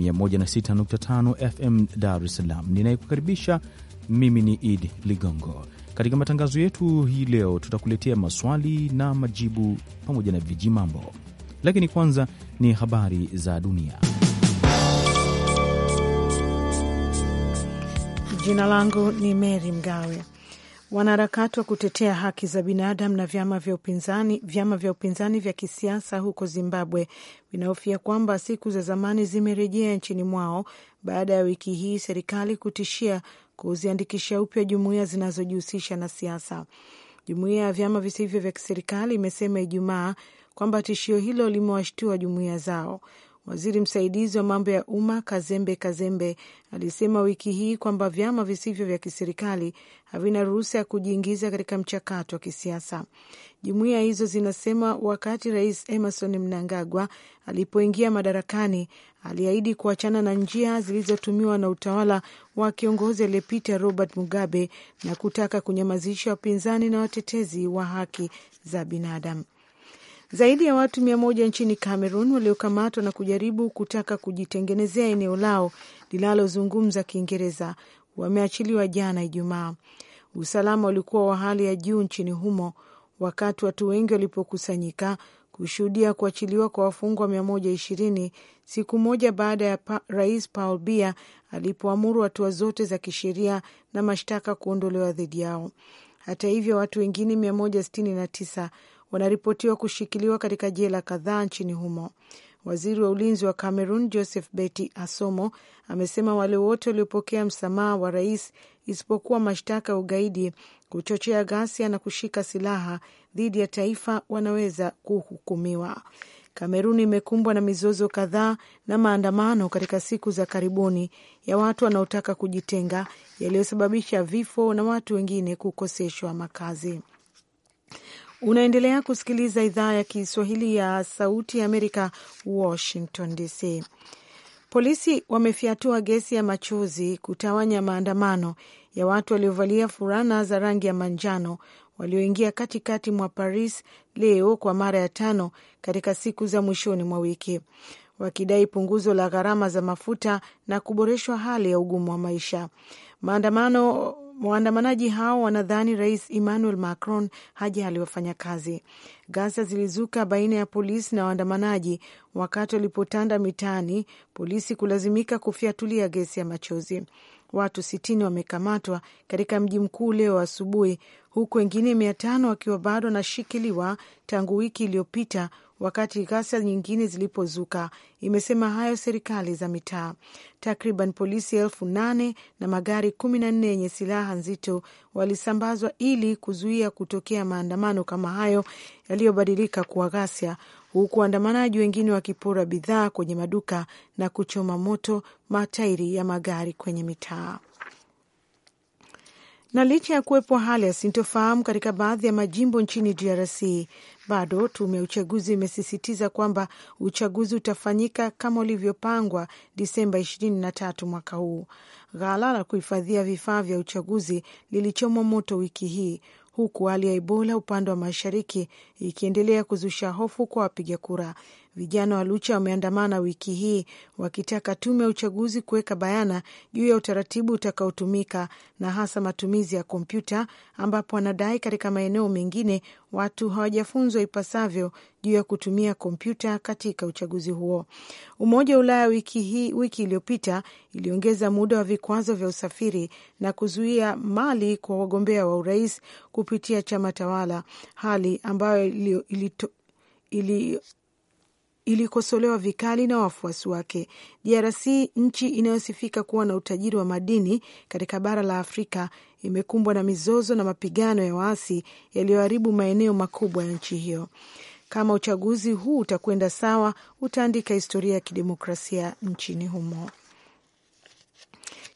106.5 FM Dar es Salaam. Ninayekukaribisha mimi ni Idi Ligongo. Katika matangazo yetu hii leo, tutakuletea maswali na majibu pamoja na viji mambo, lakini kwanza ni habari za dunia. Jina langu ni mery Mgawe. Wanaharakati wa kutetea haki za binadamu na vyama vya upinzani vyama vya upinzani vya kisiasa huko Zimbabwe vinahofia kwamba siku za zamani zimerejea nchini mwao baada ya wiki hii serikali kutishia kuziandikisha upya jumuiya zinazojihusisha na siasa. Jumuiya ya vyama visivyo vya kiserikali imesema Ijumaa kwamba tishio hilo limewashtua jumuiya zao Waziri msaidizi wa mambo ya umma Kazembe Kazembe alisema wiki hii kwamba vyama visivyo vya kiserikali havina ruhusa ya kujiingiza katika mchakato wa kisiasa. Jumuiya hizo zinasema wakati Rais Emerson Mnangagwa alipoingia madarakani aliahidi kuachana na njia zilizotumiwa na utawala wa kiongozi aliyepita Robert Mugabe na kutaka kunyamazisha wapinzani na watetezi wa haki za binadamu. Zaidi ya watu mia moja nchini Cameroon waliokamatwa na kujaribu kutaka kujitengenezea eneo lao linalozungumza Kiingereza wameachiliwa jana Ijumaa. Usalama ulikuwa wa hali ya juu nchini humo wakati watu wengi walipokusanyika kushuhudia kuachiliwa kwa wafungwa mia moja ishirini siku moja baada ya pa, Rais Paul Bia alipoamuru hatua zote za kisheria na mashtaka kuondolewa dhidi yao. Hata hivyo, watu wengine mia moja sitini na tisa wanaripotiwa kushikiliwa katika jela kadhaa nchini humo. Waziri wa ulinzi wa Cameroon Joseph Beti Asomo amesema wale wote waliopokea msamaha wa rais isipokuwa mashtaka ya ugaidi, kuchochea ghasia na kushika silaha dhidi ya taifa wanaweza kuhukumiwa. Kamerun imekumbwa na mizozo kadhaa na maandamano katika siku za karibuni ya watu wanaotaka kujitenga yaliyosababisha vifo na watu wengine kukoseshwa makazi. Unaendelea kusikiliza idhaa ya Kiswahili ya Sauti ya Amerika, Washington DC. Polisi wamefyatua gesi ya machozi kutawanya maandamano ya watu waliovalia fulana za rangi ya manjano walioingia katikati mwa Paris leo kwa mara ya tano katika siku za mwishoni mwa wiki wakidai punguzo la gharama za mafuta na kuboreshwa hali ya ugumu wa maisha. Maandamano Waandamanaji hao wanadhani Rais Emmanuel Macron hajali wafanyakazi. Ghasia zilizuka baina ya polisi na waandamanaji wakati walipotanda mitaani, polisi kulazimika kufyatulia gesi ya machozi. Watu sitini wamekamatwa katika mji mkuu leo asubuhi huku wengine mia tano wakiwa bado wanashikiliwa tangu wiki iliyopita wakati ghasia nyingine zilipozuka. Imesema hayo serikali za mitaa. Takriban polisi elfu nane na magari kumi na nne yenye silaha nzito walisambazwa ili kuzuia kutokea maandamano kama hayo yaliyobadilika kuwa ghasia, huku waandamanaji wengine wakipora bidhaa kwenye maduka na kuchoma moto matairi ya magari kwenye mitaa. Na licha ya kuwepo hali ya sintofahamu katika baadhi ya majimbo nchini DRC, bado tume ya uchaguzi imesisitiza kwamba uchaguzi utafanyika kama ulivyopangwa Disemba 23 mwaka huu. Ghala la kuhifadhia vifaa vya uchaguzi lilichomwa moto wiki hii, huku hali ya Ebola upande wa mashariki ikiendelea kuzusha hofu kwa wapiga kura Vijana wa Lucha wameandamana wiki hii wakitaka tume ya uchaguzi kuweka bayana juu ya utaratibu utakaotumika na hasa matumizi ya kompyuta, ambapo wanadai katika maeneo mengine watu hawajafunzwa ipasavyo juu ya kutumia kompyuta katika uchaguzi huo. Umoja wa Ulaya wiki hii, wiki iliyopita iliongeza muda wa vikwazo vya usafiri na kuzuia mali kwa wagombea wa urais kupitia chama tawala, hali ambayo ilito, ili ilikosolewa vikali na wafuasi wake. DRC, nchi inayosifika kuwa na utajiri wa madini katika bara la Afrika, imekumbwa na mizozo na mapigano ya waasi yaliyoharibu maeneo makubwa ya nchi hiyo. Kama uchaguzi huu utakwenda sawa, utaandika historia ya kidemokrasia nchini humo.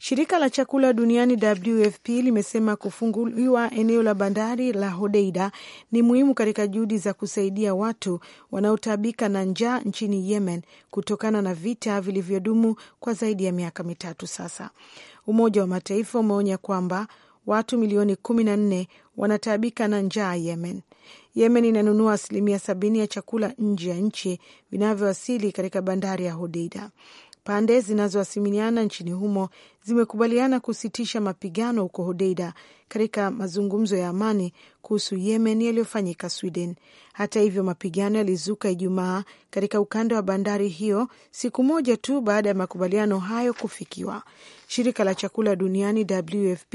Shirika la chakula duniani WFP limesema kufunguliwa eneo la bandari la Hodeida ni muhimu katika juhudi za kusaidia watu wanaotaabika na njaa nchini Yemen kutokana na vita vilivyodumu kwa zaidi ya miaka mitatu sasa. Umoja wa Mataifa umeonya kwamba watu milioni kumi na nne wanataabika na njaa Yemen. Yemen inanunua asilimia sabini ya chakula nje ya nchi vinavyowasili katika bandari ya Hodeida. Pande zinazoasimiliana nchini humo zimekubaliana kusitisha mapigano huko Hodeida katika mazungumzo ya amani kuhusu Yemen yaliyofanyika Sweden. Hata hivyo, mapigano yalizuka Ijumaa katika ukanda wa bandari hiyo, siku moja tu baada ya makubaliano hayo kufikiwa. Shirika la chakula duniani WFP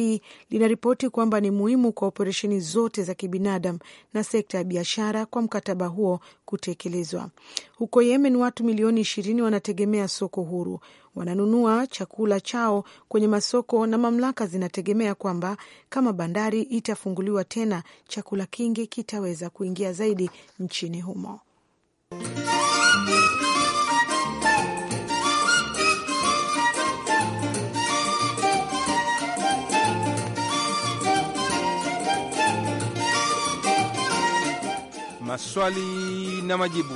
linaripoti kwamba ni muhimu kwa operesheni zote za kibinadamu na sekta ya biashara kwa mkataba huo kutekelezwa. Huko Yemen, watu milioni ishirini wanategemea soko huru wananunua chakula chao kwenye masoko na mamlaka zinategemea kwamba kama bandari itafunguliwa tena, chakula kingi kitaweza kuingia zaidi nchini humo. Maswali na majibu.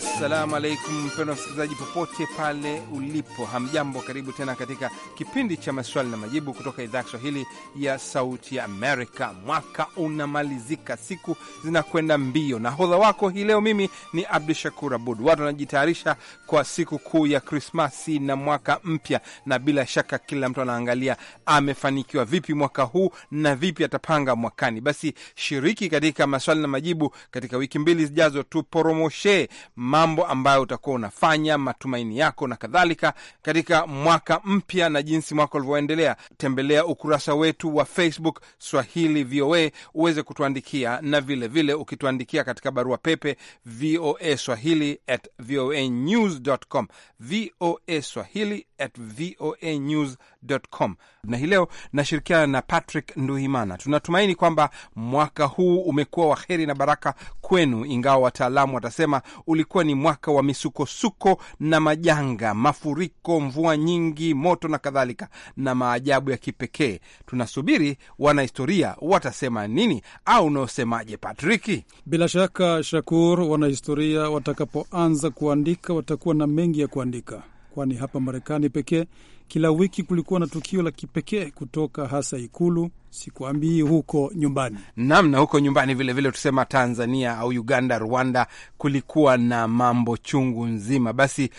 Assalamu alaikum mpendwa msikilizaji, popote pale ulipo, hamjambo. Karibu tena katika kipindi cha maswali na majibu kutoka idhaa ya Kiswahili ya Sauti ya Amerika. Mwaka unamalizika, siku zinakwenda mbio. Nahodha wako hii leo mimi ni Abdu Shakur Abud. Watu wanajitayarisha kwa siku kuu ya Krismasi na mwaka mpya, na bila shaka kila mtu anaangalia amefanikiwa vipi mwaka huu na vipi atapanga mwakani. Basi shiriki katika maswali na majibu. Katika wiki mbili zijazo, tuporomoshe mambo ambayo utakuwa unafanya, matumaini yako na kadhalika, katika mwaka mpya na jinsi mwaka ulivyoendelea. Tembelea ukurasa wetu wa Facebook Swahili VOA uweze kutuandikia, na vilevile vile ukituandikia katika barua pepe VOA Swahili at voanews.com, VOA Swahili at voanews com na hii leo nashirikiana na Patrick Nduhimana. Tunatumaini kwamba mwaka huu umekuwa wa heri na baraka kwenu, ingawa wataalamu watasema ulikuwa ni mwaka wa misukosuko na majanga, mafuriko, mvua nyingi, moto na kadhalika, na maajabu ya kipekee. Tunasubiri wanahistoria watasema nini, au unaosemaje Patriki? Bila shaka Shakur, wanahistoria watakapoanza kuandika watakuwa na mengi ya kuandika, kwani hapa Marekani pekee kila wiki kulikuwa na tukio la kipekee kutoka hasa Ikulu, sikuambii huko nyumbani. nam na huko nyumbani vilevile vile tusema Tanzania au Uganda, Rwanda, kulikuwa na mambo chungu nzima. Basi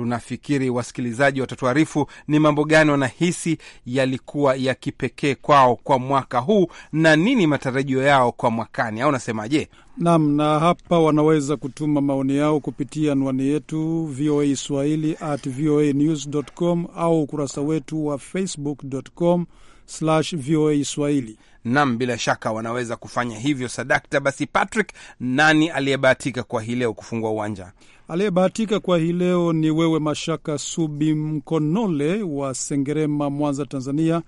Tunafikiri wasikilizaji watatuarifu ni mambo gani wanahisi yalikuwa ya kipekee kwao kwa mwaka huu na nini matarajio yao kwa mwakani, au unasemaje? nam na hapa wanaweza kutuma maoni yao kupitia anwani yetu VOA Swahili at VOA news com au ukurasa wetu wa Facebook com slash VOA Swahili. Nam, bila shaka wanaweza kufanya hivyo. Sadakta, basi Patrick, nani aliyebahatika kwa hii leo kufungua uwanja? Aliyebahatika kwa hii leo ni wewe Mashaka Subi Mkonole wa Sengerema, Mwanza, Tanzania.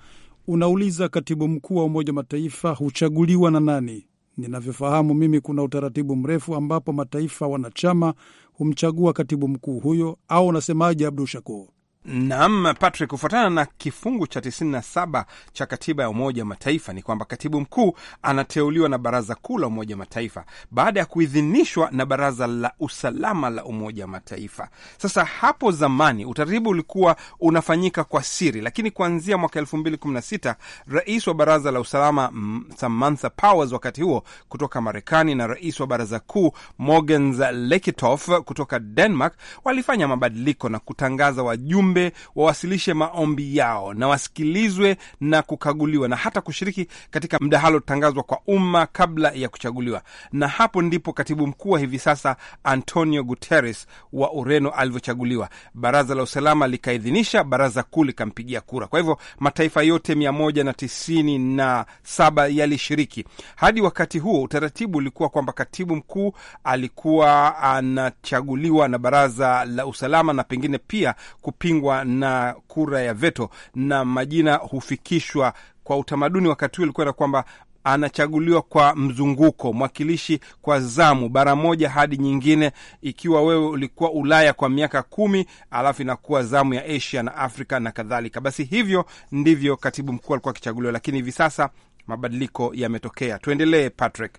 Unauliza, katibu mkuu wa Umoja wa Mataifa huchaguliwa na nani? Ninavyofahamu mimi, kuna utaratibu mrefu ambapo mataifa wanachama humchagua katibu mkuu huyo, au unasemaje, Abdu Shakur? Naam, Patrick, kufuatana na kifungu cha 97 cha katiba ya Umoja wa Mataifa ni kwamba katibu mkuu anateuliwa na Baraza Kuu la Umoja wa Mataifa baada ya kuidhinishwa na Baraza la Usalama la Umoja wa Mataifa. Sasa hapo zamani utaratibu ulikuwa unafanyika kwa siri, lakini kuanzia mwaka 2016 rais wa Baraza la Usalama Samantha Powers wakati huo kutoka Marekani na rais wa Baraza Kuu Mogens Lekitof kutoka Denmark walifanya mabadiliko na kutangaza wajumbe wajumbe wawasilishe maombi yao na wasikilizwe na kukaguliwa na hata kushiriki katika mdahalo tangazwa kwa umma kabla ya kuchaguliwa. Na hapo ndipo katibu mkuu wa hivi sasa Antonio Guterres wa Ureno alivyochaguliwa. Baraza la usalama likaidhinisha, baraza kuu likampigia kura. Kwa hivyo mataifa yote mia moja na tisini na saba yalishiriki. Hadi wakati huo utaratibu ulikuwa kwamba katibu mkuu alikuwa anachaguliwa na baraza la usalama na pengine pia kupingwa hupingwa na kura ya veto na majina hufikishwa kwa utamaduni. Wakati huo ilikuwa na kwamba anachaguliwa kwa mzunguko, mwakilishi kwa zamu, bara moja hadi nyingine. Ikiwa wewe ulikuwa Ulaya kwa miaka kumi, alafu inakuwa zamu ya Asia na Afrika na kadhalika. Basi hivyo ndivyo katibu mkuu alikuwa akichaguliwa, lakini hivi sasa mabadiliko yametokea. Tuendelee, Patrick.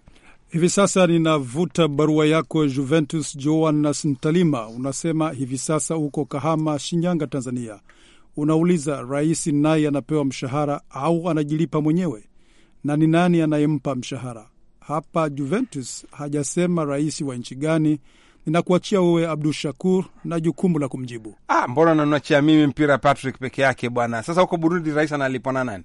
Hivi sasa ninavuta barua yako Juventus Joannas Mtalima, unasema hivi sasa huko Kahama, Shinyanga, Tanzania. Unauliza, rais naye anapewa mshahara au anajilipa mwenyewe, na ni nani anayempa mshahara? Hapa Juventus hajasema rais wa nchi gani. Ninakuachia wewe Abdu Shakur na jukumu la kumjibu. Ah, mbona nanachia mimi mpira Patrick peke yake bwana. Sasa huko Burundi rais analipwa na nani?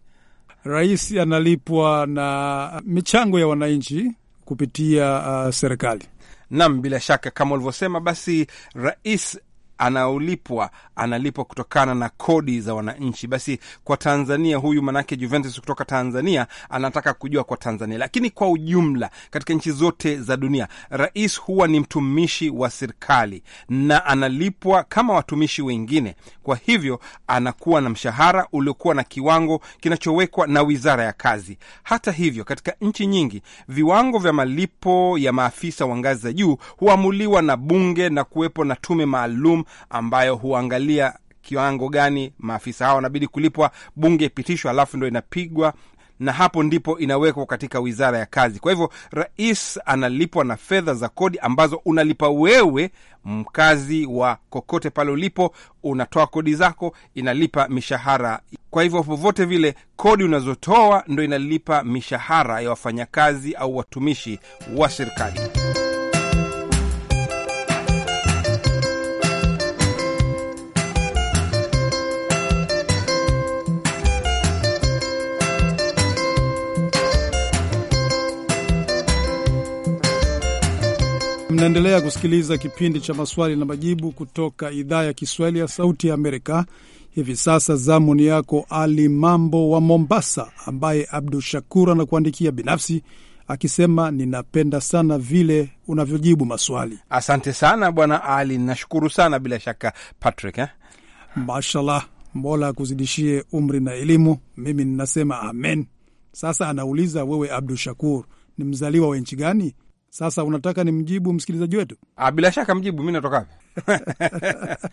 Rais analipwa na michango ya wananchi kupitia uh, serikali. Nam, bila shaka kama ulivyosema, basi Rais anaolipwa analipwa kutokana na kodi za wananchi. Basi kwa Tanzania huyu manake Juventus kutoka Tanzania anataka kujua kwa Tanzania, lakini kwa ujumla katika nchi zote za dunia, rais huwa ni mtumishi wa serikali na analipwa kama watumishi wengine. Kwa hivyo anakuwa na mshahara uliokuwa na kiwango kinachowekwa na wizara ya kazi. Hata hivyo, katika nchi nyingi viwango vya malipo ya maafisa wa ngazi za juu huamuliwa na bunge na kuwepo na tume maalum ambayo huangalia kiwango gani maafisa hao wanabidi kulipwa. Bunge ipitishwa, alafu ndo inapigwa na hapo ndipo inawekwa katika wizara ya kazi. Kwa hivyo rais analipwa na fedha za kodi ambazo unalipa wewe, mkazi wa kokote pale ulipo, unatoa kodi zako, inalipa mishahara. Kwa hivyo popote vile kodi unazotoa ndo inalipa mishahara ya wafanyakazi au watumishi wa serikali. Mnaendelea kusikiliza kipindi cha maswali na majibu kutoka idhaa ya Kiswahili ya Sauti ya Amerika. Hivi sasa zamu ni yako Ali Mambo wa Mombasa, ambaye Abdu Shakur anakuandikia binafsi akisema ninapenda sana vile unavyojibu maswali. Asante sana Bwana Ali, nashukuru sana bila shaka Patrick eh? Mashallah, Mola akuzidishie umri na elimu. Mimi ninasema amen. Sasa anauliza wewe, Abdu Shakur, ni mzaliwa wa nchi gani? Sasa unataka ni mjibu msikilizaji wetu? Ah, bila shaka mjibu, mi natoka wapi?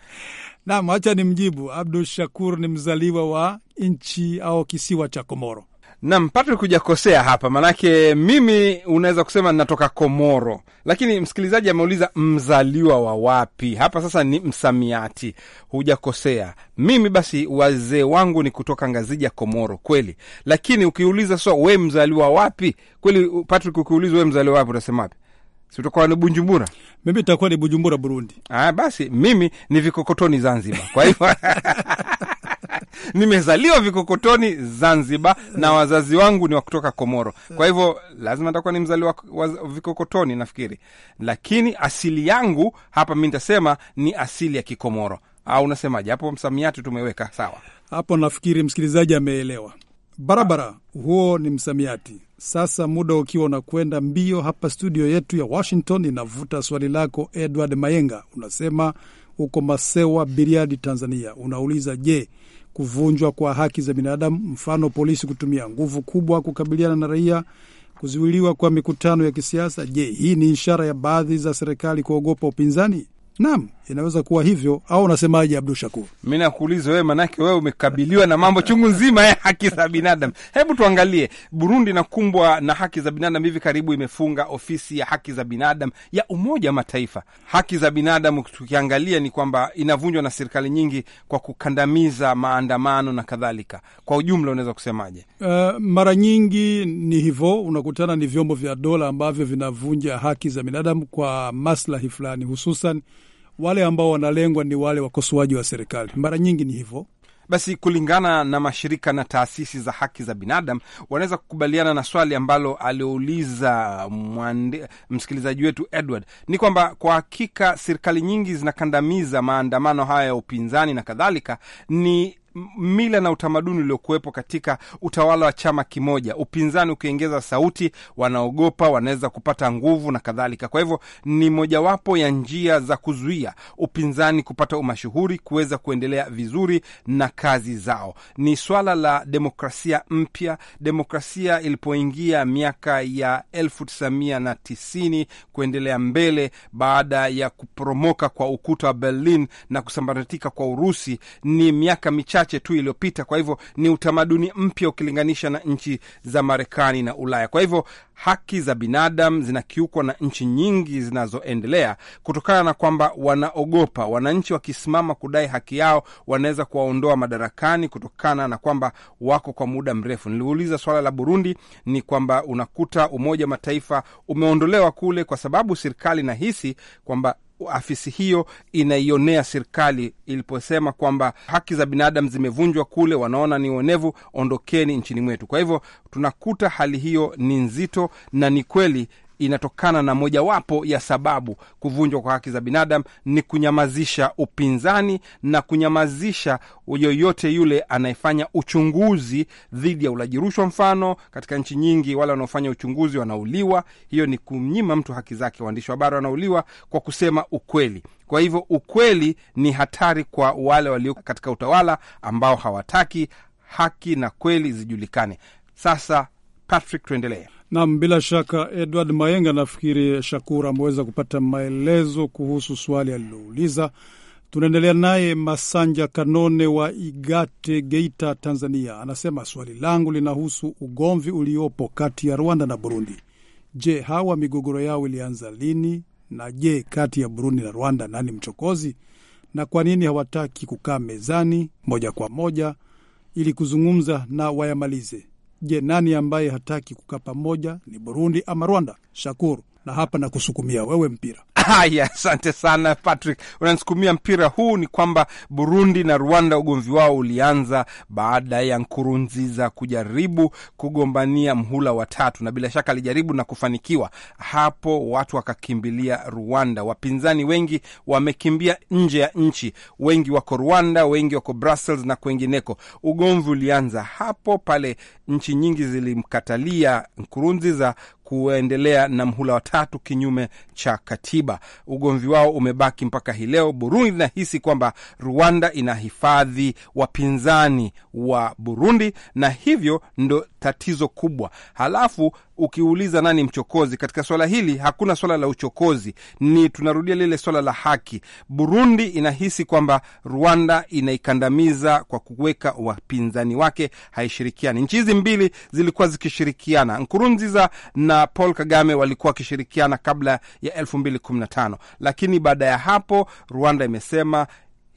Naam, hacha ni mjibu. Abdu Shakur ni mzaliwa wa nchi au kisiwa cha Komoro. Nam Patrick, hujakosea hapa, maanake mimi unaweza kusema natoka Komoro, lakini msikilizaji ameuliza mzaliwa wa wapi. Hapa sasa ni msamiati, hujakosea. Mimi basi wazee wangu ni kutoka Ngazija, Komoro kweli, lakini ukiuliza sa so, we mzaliwa wapi kweli, Patrick, ukiuliza we mzaliwa wapi, utasema wapi? Si utakuwa ni Bujumbura? Mimi nitakuwa ni Bujumbura, Burundi. Ah, basi mimi ni Vikokotoni, Zanzibar. Kwa hivyo nimezaliwa Vikokotoni Zanzibar, eh. na wazazi wangu ni wa kutoka Komoro, kwa hivyo lazima nitakuwa ni mzaliwa wa Vikokotoni nafikiri, lakini asili yangu hapa mi nitasema ni asili ya Kikomoro au unasemaje hapo? Msamiati tumeweka sawa hapo, nafikiri msikilizaji ameelewa barabara. Huo ni msamiati. Sasa muda ukiwa unakwenda mbio, hapa studio yetu ya Washington inavuta swali lako Edward Mayenga. Unasema uko Masewa Biriadi, Tanzania. Unauliza, je, kuvunjwa kwa haki za binadamu, mfano polisi kutumia nguvu kubwa kukabiliana na raia, kuzuiliwa kwa mikutano ya kisiasa. Je, hii ni ishara ya baadhi za serikali kuogopa upinzani? Naam, inaweza kuwa hivyo au unasemaje, Abdu Shakur? Mi nakuuliza wewe, manake wewe umekabiliwa na mambo chungu nzima ya haki za binadamu. Hebu tuangalie Burundi inakumbwa na haki za binadamu. Hivi karibu imefunga ofisi ya haki za binadamu ya Umoja wa Mataifa. Haki za binadamu tukiangalia ni kwamba inavunjwa na serikali nyingi kwa kukandamiza maandamano na kadhalika. Kwa ujumla, unaweza kusemaje? Uh, mara nyingi ni hivyo, unakutana ni vyombo vya dola ambavyo vinavunja haki za binadamu kwa maslahi fulani hususan wale ambao wanalengwa ni wale wakosoaji wa serikali. Mara nyingi ni hivyo. Basi, kulingana na mashirika na taasisi za haki za binadamu, wanaweza kukubaliana na swali ambalo aliouliza msikilizaji wetu Edward, ni kwamba kwa hakika serikali nyingi zinakandamiza maandamano haya ya upinzani na kadhalika, ni mila na utamaduni uliokuwepo katika utawala wa chama kimoja. Upinzani ukiongeza sauti, wanaogopa wanaweza kupata nguvu na kadhalika. Kwa hivyo ni mojawapo ya njia za kuzuia upinzani kupata umashuhuri, kuweza kuendelea vizuri na kazi zao. Ni swala la demokrasia mpya. Demokrasia ilipoingia miaka ya tisini kuendelea mbele, baada ya kuporomoka kwa ukuta wa Berlin na kusambaratika kwa Urusi, ni miaka michache michache tu iliyopita. Kwa hivyo ni utamaduni mpya ukilinganisha na nchi za Marekani na Ulaya. Kwa hivyo haki za binadamu zinakiukwa na nchi nyingi zinazoendelea kutokana na kwamba wanaogopa, wananchi wakisimama kudai haki yao wanaweza kuwaondoa madarakani kutokana na kwamba wako kwa muda mrefu. Niliuliza swala la Burundi, ni kwamba unakuta Umoja wa Mataifa umeondolewa kule kwa sababu serikali inahisi kwamba afisi hiyo inaionea serikali iliposema kwamba haki za binadamu zimevunjwa kule, wanaona ni uonevu, ondokeni nchini mwetu. Kwa hivyo tunakuta hali hiyo ni nzito, na ni kweli inatokana na mojawapo ya sababu kuvunjwa kwa haki za binadamu ni kunyamazisha upinzani na kunyamazisha yoyote yule anayefanya uchunguzi dhidi ya ulaji rushwa. Mfano, katika nchi nyingi wale wanaofanya uchunguzi wanauliwa. Hiyo ni kumnyima mtu haki zake. Waandishi wa habari wanauliwa kwa kusema ukweli. Kwa hivyo ukweli ni hatari kwa wale walio katika utawala ambao hawataki haki na kweli zijulikane. Sasa Patrick, tuendelee. Nam, bila shaka Edward Mayenga, nafikiri shakur ameweza kupata maelezo kuhusu swali alilouliza. Tunaendelea naye Masanja Kanone wa Igate, Geita, Tanzania, anasema swali langu linahusu ugomvi uliopo kati ya Rwanda na Burundi. Je, hawa migogoro yao ilianza lini? Na je, kati ya Burundi na Rwanda nani mchokozi, na kwa nini hawataki kukaa mezani moja kwa moja ili kuzungumza na wayamalize? Je, nani ambaye hataki kukaa pamoja? Ni Burundi ama Rwanda? Shakuru na hapa na kusukumia wewe mpira. Haya, asante sana Patrick, unanisukumia mpira huu. Ni kwamba Burundi na Rwanda ugomvi wao ulianza baada ya Nkurunziza kujaribu kugombania mhula wa tatu, na bila shaka alijaribu na kufanikiwa. Hapo watu wakakimbilia Rwanda, wapinzani wengi wamekimbia nje ya nchi, wengi wako Rwanda, wengi wako Brussels na kwengineko. Ugomvi ulianza hapo pale, nchi nyingi zilimkatalia Nkurunziza kuendelea na mhula watatu kinyume cha katiba. Ugomvi wao umebaki mpaka hii leo. Burundi inahisi kwamba Rwanda inahifadhi wapinzani wa Burundi na hivyo ndo tatizo kubwa. Halafu ukiuliza nani mchokozi katika swala hili, hakuna swala la uchokozi, ni tunarudia lile swala la haki. Burundi inahisi kwamba Rwanda inaikandamiza kwa kuweka wapinzani wake, haishirikiani. Nchi hizi mbili zilikuwa zikishirikiana, Nkurunziza na Paul Kagame walikuwa wakishirikiana kabla ya elfu mbili kumi na tano, lakini baada ya hapo Rwanda imesema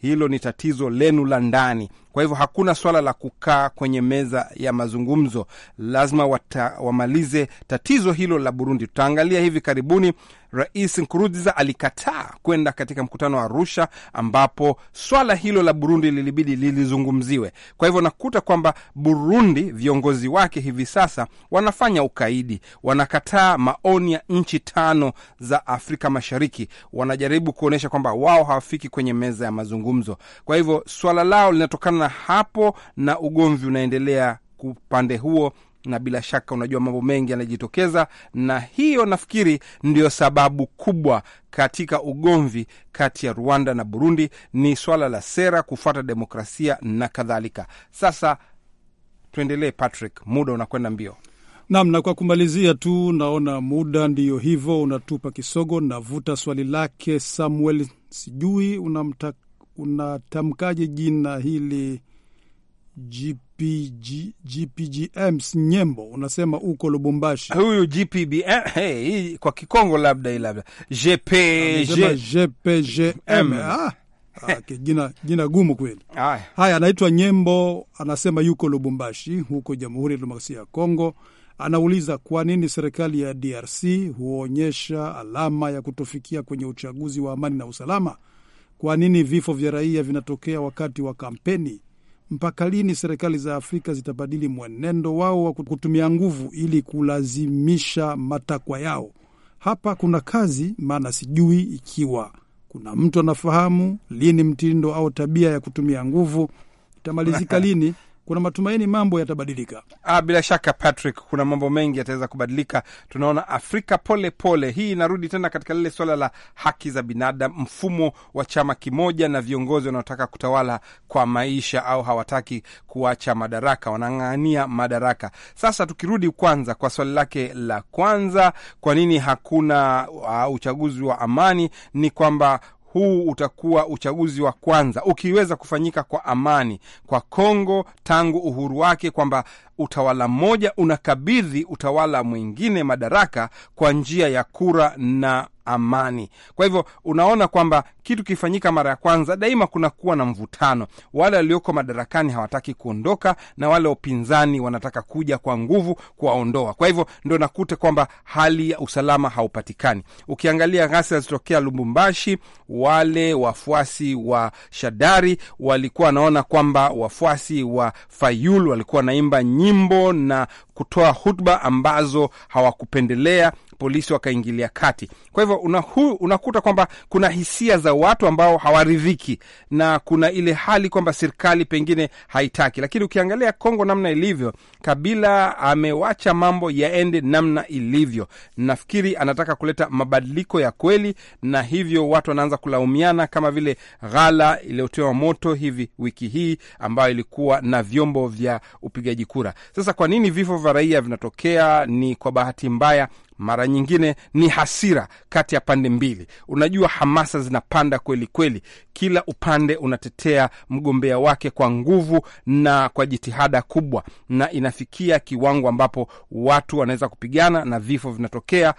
hilo ni tatizo lenu la ndani. Kwa hivyo hakuna swala la kukaa kwenye meza ya mazungumzo, lazima wata, wamalize tatizo hilo la Burundi. Tutaangalia hivi karibuni. Rais Nkurunziza alikataa kwenda katika mkutano wa Arusha ambapo swala hilo la Burundi lilibidi lilizungumziwe. Kwa hivyo nakuta kwamba Burundi viongozi wake hivi sasa wanafanya ukaidi, wanakataa maoni ya nchi tano za Afrika Mashariki, wanajaribu kuonyesha kwamba wao hawafiki kwenye meza ya mazungumzo. Kwa hivyo swala lao linatokana na hapo na ugomvi unaendelea upande huo, na bila shaka unajua mambo mengi yanajitokeza, na hiyo nafikiri ndio sababu kubwa katika ugomvi kati ya Rwanda na Burundi, ni swala la sera, kufuata demokrasia na kadhalika. Sasa tuendelee, Patrick, muda unakwenda mbio. Nam, na kwa kumalizia tu, naona muda ndiyo hivyo unatupa kisogo. Navuta swali lake Samuel, sijui unamtaka unatamkaje jina hili GPG, Nyembo, unasema uko Lubumbashi. Huyu GPB hey, kwa Kikongo labda labda GPGM mm. ah, jina, jina gumu kweli. Haya, anaitwa Nyembo, anasema yuko Lubumbashi huko Jamhuri ya Demokrasia ya Kongo. Anauliza, kwa nini serikali ya DRC huonyesha alama ya kutofikia kwenye uchaguzi wa amani na usalama kwa nini vifo vya raia vinatokea wakati wa kampeni? Mpaka lini serikali za Afrika zitabadili mwenendo wao wa kutumia nguvu ili kulazimisha matakwa yao? Hapa kuna kazi, maana sijui ikiwa kuna mtu anafahamu lini mtindo au tabia ya kutumia nguvu itamalizika lini kuna matumaini mambo yatabadilika. Ah, bila shaka Patrick, kuna mambo mengi yataweza kubadilika. Tunaona Afrika pole pole. Hii inarudi tena katika lile swala la haki za binadamu, mfumo wa chama kimoja na viongozi wanaotaka kutawala kwa maisha au hawataki kuacha madaraka, wanang'ang'ania madaraka. Sasa tukirudi kwanza kwa swali lake la kwanza, kwa nini hakuna uh, uchaguzi wa amani, ni kwamba huu utakuwa uchaguzi wa kwanza ukiweza kufanyika kwa amani kwa Kongo tangu uhuru wake, kwamba utawala mmoja unakabidhi utawala mwingine madaraka kwa njia ya kura na amani. Kwa hivyo unaona kwamba kitu kifanyika mara ya kwanza, daima kunakuwa na mvutano. Wale walioko madarakani hawataki kuondoka na wale wapinzani wanataka kuja kwa nguvu kuwaondoa. Kwa hivyo ndo nakuta kwamba hali ya usalama haupatikani. Ukiangalia ghasia zilitokea Lumbumbashi, wale wafuasi wa Shadari walikuwa wanaona kwamba wafuasi wa Fayul walikuwa wanaimba nyimbo na kutoa hutuba ambazo hawakupendelea polisi wakaingilia kati. Kwa hivyo unahu, unakuta kwamba kuna hisia za watu ambao hawaridhiki na kuna ile hali kwamba serikali pengine haitaki, lakini ukiangalia Kongo namna ilivyo, Kabila amewacha mambo yaende namna ilivyo. Nafikiri anataka kuleta mabadiliko ya kweli, na hivyo watu wanaanza kulaumiana, kama vile ghala iliyotewa moto hivi wiki hii ambayo ilikuwa na vyombo vya upigaji kura. Sasa kwa nini vifo vya raia vinatokea? Ni kwa bahati mbaya mara nyingine ni hasira kati ya pande mbili. Unajua, hamasa zinapanda kweli kweli, kila upande unatetea mgombea wake kwa nguvu na kwa jitihada kubwa, na inafikia kiwango ambapo watu wanaweza kupigana na vifo vinatokea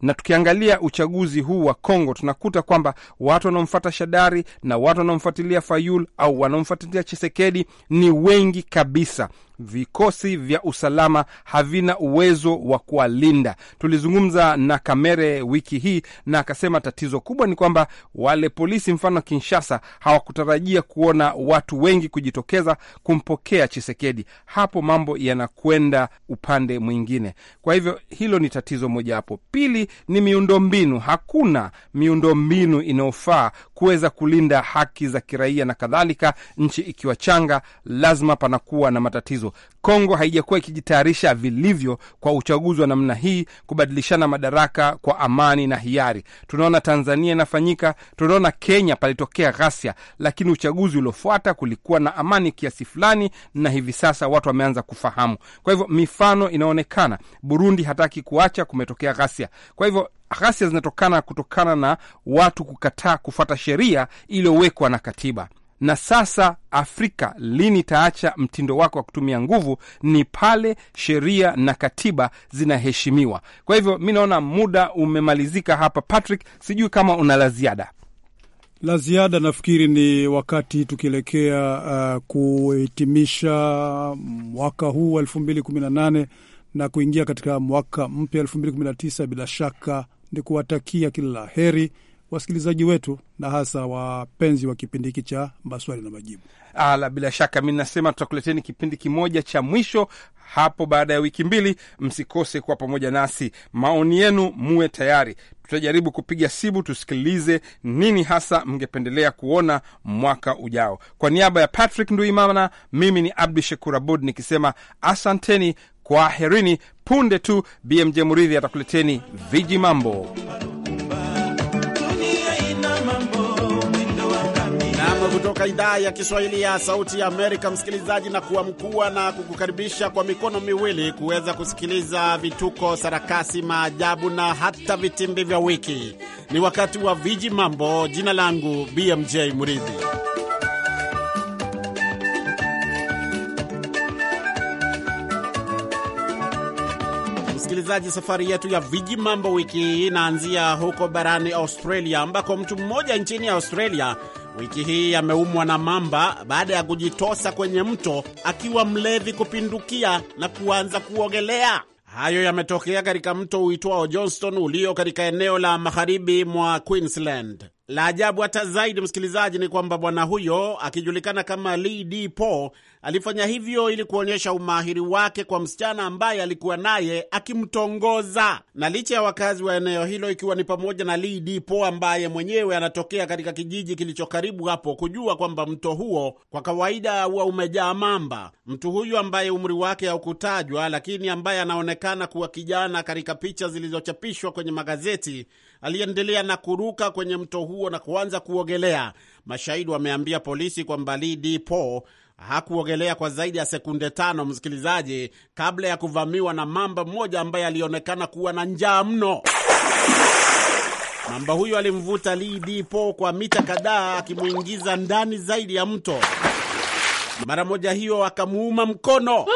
na tukiangalia uchaguzi huu wa Kongo tunakuta kwamba watu wanaomfata Shadari na watu wanaomfuatilia Fayul au wanaomfuatilia Chisekedi ni wengi kabisa, vikosi vya usalama havina uwezo wa kuwalinda. Tulizungumza na Kamere wiki hii na akasema tatizo kubwa ni kwamba wale polisi mfano Kinshasa hawakutarajia kuona watu wengi kujitokeza kumpokea Chisekedi. Hapo mambo yanakwenda upande mwingine, kwa hivyo hilo ni tatizo mojawapo. Pili ni miundombinu, hakuna miundombinu inayofaa kuweza kulinda haki za kiraia na kadhalika. Nchi ikiwa changa, lazima panakuwa na matatizo. Kongo haijakuwa ikijitayarisha vilivyo kwa uchaguzi wa namna hii, kubadilishana madaraka kwa amani na hiari. Tunaona Tanzania inafanyika, tunaona Kenya palitokea ghasia, lakini uchaguzi uliofuata kulikuwa na amani kiasi fulani, na hivi sasa watu wameanza kufahamu. Kwa hivyo mifano inaonekana. Burundi hataki kuacha, kumetokea ghasia. Kwa hivyo ghasia zinatokana kutokana na watu kukataa kufuata sheria iliyowekwa na katiba. Na sasa Afrika, lini itaacha mtindo wako wa kutumia nguvu? Ni pale sheria na katiba zinaheshimiwa. Kwa hivyo mi naona muda umemalizika hapa. Patrick, sijui kama una la ziada la ziada nafikiri ni wakati tukielekea uh, kuhitimisha mwaka huu wa elfu mbili kumi na nane na kuingia katika mwaka mpya elfu mbili kumi na tisa. Bila shaka ni kuwatakia kila la heri wasikilizaji wetu na hasa wapenzi wa kipindi hiki cha maswali na majibu. Ala, ah, bila shaka mi nasema tutakuleteni kipindi kimoja cha mwisho hapo baada ya wiki mbili. Msikose kuwa pamoja nasi, maoni yenu muwe tayari. Tutajaribu kupiga sibu, tusikilize nini hasa mngependelea kuona mwaka ujao. Kwa niaba ya Patrick Nduimana, mimi ni Abdu Shakur Abud nikisema asanteni, kwaherini. Punde tu BMJ Muridhi atakuleteni viji mambo. kutoka idhaa ya Kiswahili ya Sauti ya Amerika, msikilizaji, na kuamkua na kukukaribisha kwa mikono miwili kuweza kusikiliza vituko, sarakasi, maajabu na hata vitimbi vya wiki. Ni wakati wa viji mambo. Jina langu BMJ Muridhi. Msikilizaji, safari yetu ya viji mambo wiki hii inaanzia huko barani Australia, ambako mtu mmoja nchini Australia wiki hii ameumwa na mamba baada ya kujitosa kwenye mto akiwa mlevi kupindukia na kuanza kuogelea. Hayo yametokea katika mto uitwao Johnston ulio katika eneo la magharibi mwa Queensland. La ajabu hata zaidi, msikilizaji, ni kwamba bwana huyo akijulikana kama Lee D alifanya hivyo ili kuonyesha umahiri wake kwa msichana ambaye alikuwa naye akimtongoza. Na licha ya wakazi wa eneo hilo, ikiwa ni pamoja na Lee D ambaye mwenyewe anatokea katika kijiji kilicho karibu hapo, kujua kwamba mto huo kwa kawaida huwa umejaa mamba, mtu huyu ambaye umri wake haukutajwa, lakini ambaye anaonekana kuwa kijana katika picha zilizochapishwa kwenye magazeti aliendelea na kuruka kwenye mto huo na kuanza kuogelea. Mashahidi wameambia polisi kwamba Lee Dipo hakuogelea kwa zaidi ya sekunde tano, msikilizaji, kabla ya kuvamiwa na mamba mmoja ambaye alionekana kuwa na njaa mno. Mamba huyo alimvuta Lee Dipo kwa mita kadhaa, akimwingiza ndani zaidi ya mto. Mara moja hiyo akamuuma mkono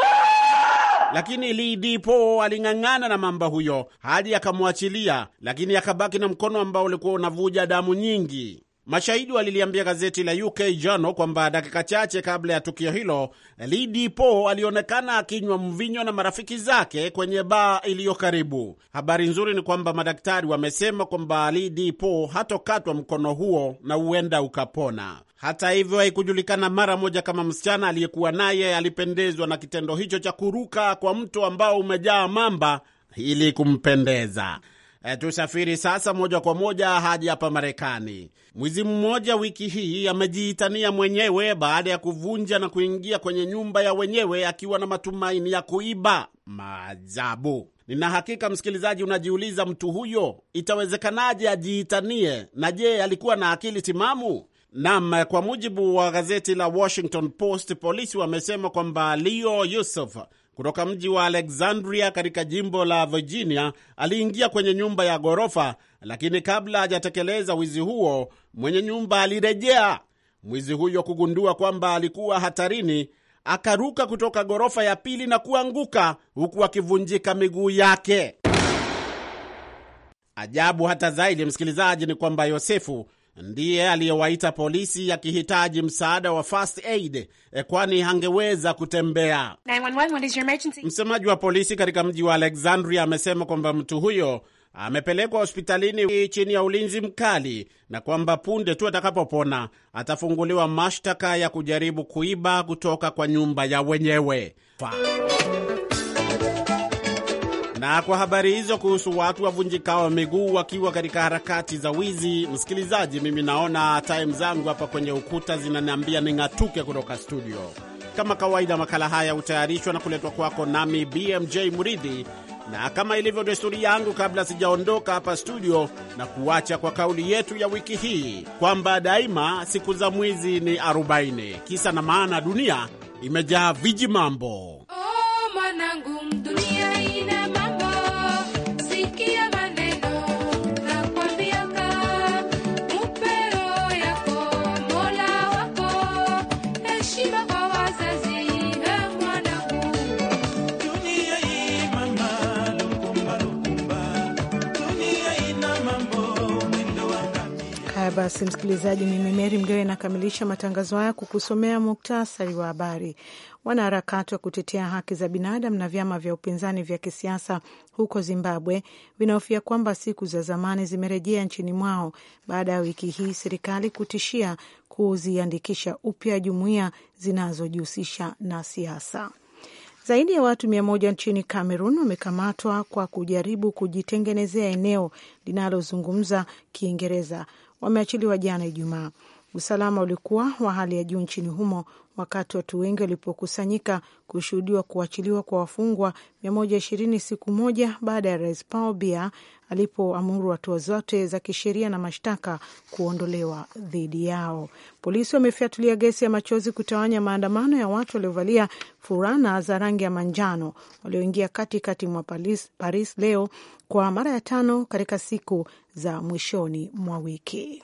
lakini Lidipo aling'ang'ana na mamba huyo hadi akamwachilia, lakini akabaki na mkono ambao ulikuwa unavuja damu nyingi. Mashahidi waliliambia gazeti la UK Journal kwamba dakika chache kabla ya tukio hilo, Lidi Po alionekana akinywa mvinyo na marafiki zake kwenye baa iliyo karibu. Habari nzuri ni kwamba madaktari wamesema kwamba Lidi Po hatokatwa mkono huo na huenda ukapona. Hata hivyo, haikujulikana mara moja kama msichana aliyekuwa naye alipendezwa na kitendo hicho cha kuruka kwa mto ambao umejaa mamba ili kumpendeza. E, tusafiri sasa moja kwa moja hadi hapa Marekani. Mwizi mmoja wiki hii amejiitania mwenyewe baada ya kuvunja na kuingia kwenye nyumba ya wenyewe akiwa na matumaini ya kuiba. Maajabu! Nina hakika msikilizaji, unajiuliza mtu huyo itawezekanaje ajiitanie, na je, alikuwa na akili timamu? Nam, kwa mujibu wa gazeti la Washington Post, polisi wamesema kwamba Leo Yusuf kutoka mji wa Alexandria katika jimbo la Virginia aliingia kwenye nyumba ya ghorofa, lakini kabla hajatekeleza wizi huo, mwenye nyumba alirejea. Mwizi huyo kugundua kwamba alikuwa hatarini, akaruka kutoka ghorofa ya pili na kuanguka huku akivunjika miguu yake. Ajabu hata zaidi, msikilizaji, ni kwamba Yosefu ndiye aliyewaita polisi akihitaji msaada wa first aid, eh, kwani hangeweza kutembea. Msemaji wa polisi katika mji wa Alexandria amesema kwamba mtu huyo amepelekwa hospitalini chini ya ulinzi mkali na kwamba punde tu atakapopona atafunguliwa mashtaka ya kujaribu kuiba kutoka kwa nyumba ya wenyewe. Na kwa habari hizo kuhusu watu wavunjikao miguu wakiwa katika harakati za wizi, msikilizaji, mimi naona time zangu hapa kwenye ukuta zinaniambia ning'atuke kutoka studio. Kama kawaida, makala haya hutayarishwa na kuletwa kwako nami BMJ Muridhi, na kama ilivyo desturi yangu, kabla sijaondoka hapa studio, na kuacha kwa kauli yetu ya wiki hii kwamba daima siku za mwizi ni 40. Kisa na maana, dunia imejaa viji mambo. Oh, dunia basi, msikilizaji, mimi Meri Mgawe nakamilisha matangazo haya kukusomea muktasari wa habari. Wanaharakati wa kutetea haki za binadamu na vyama vya upinzani vya kisiasa huko Zimbabwe vinahofia kwamba siku za zamani zimerejea nchini mwao baada ya wiki hii serikali kutishia kuziandikisha upya jumuiya zinazojihusisha na siasa. Zaidi ya watu mia moja nchini Cameroon wamekamatwa kwa kujaribu kujitengenezea eneo linalozungumza Kiingereza wameachiliwa jana Ijumaa. Usalama ulikuwa wa hali ya juu nchini humo wakati watu wengi walipokusanyika kushuhudiwa kuachiliwa kwa wafungwa 120 siku moja baada ya rais Paul Bia alipoamuru hatua zote za kisheria na mashtaka kuondolewa dhidi yao. Polisi wamefyatulia gesi ya machozi kutawanya maandamano ya watu waliovalia fulana za rangi ya manjano walioingia katikati mwa Paris, Paris leo kwa mara ya tano katika siku za mwishoni mwa wiki.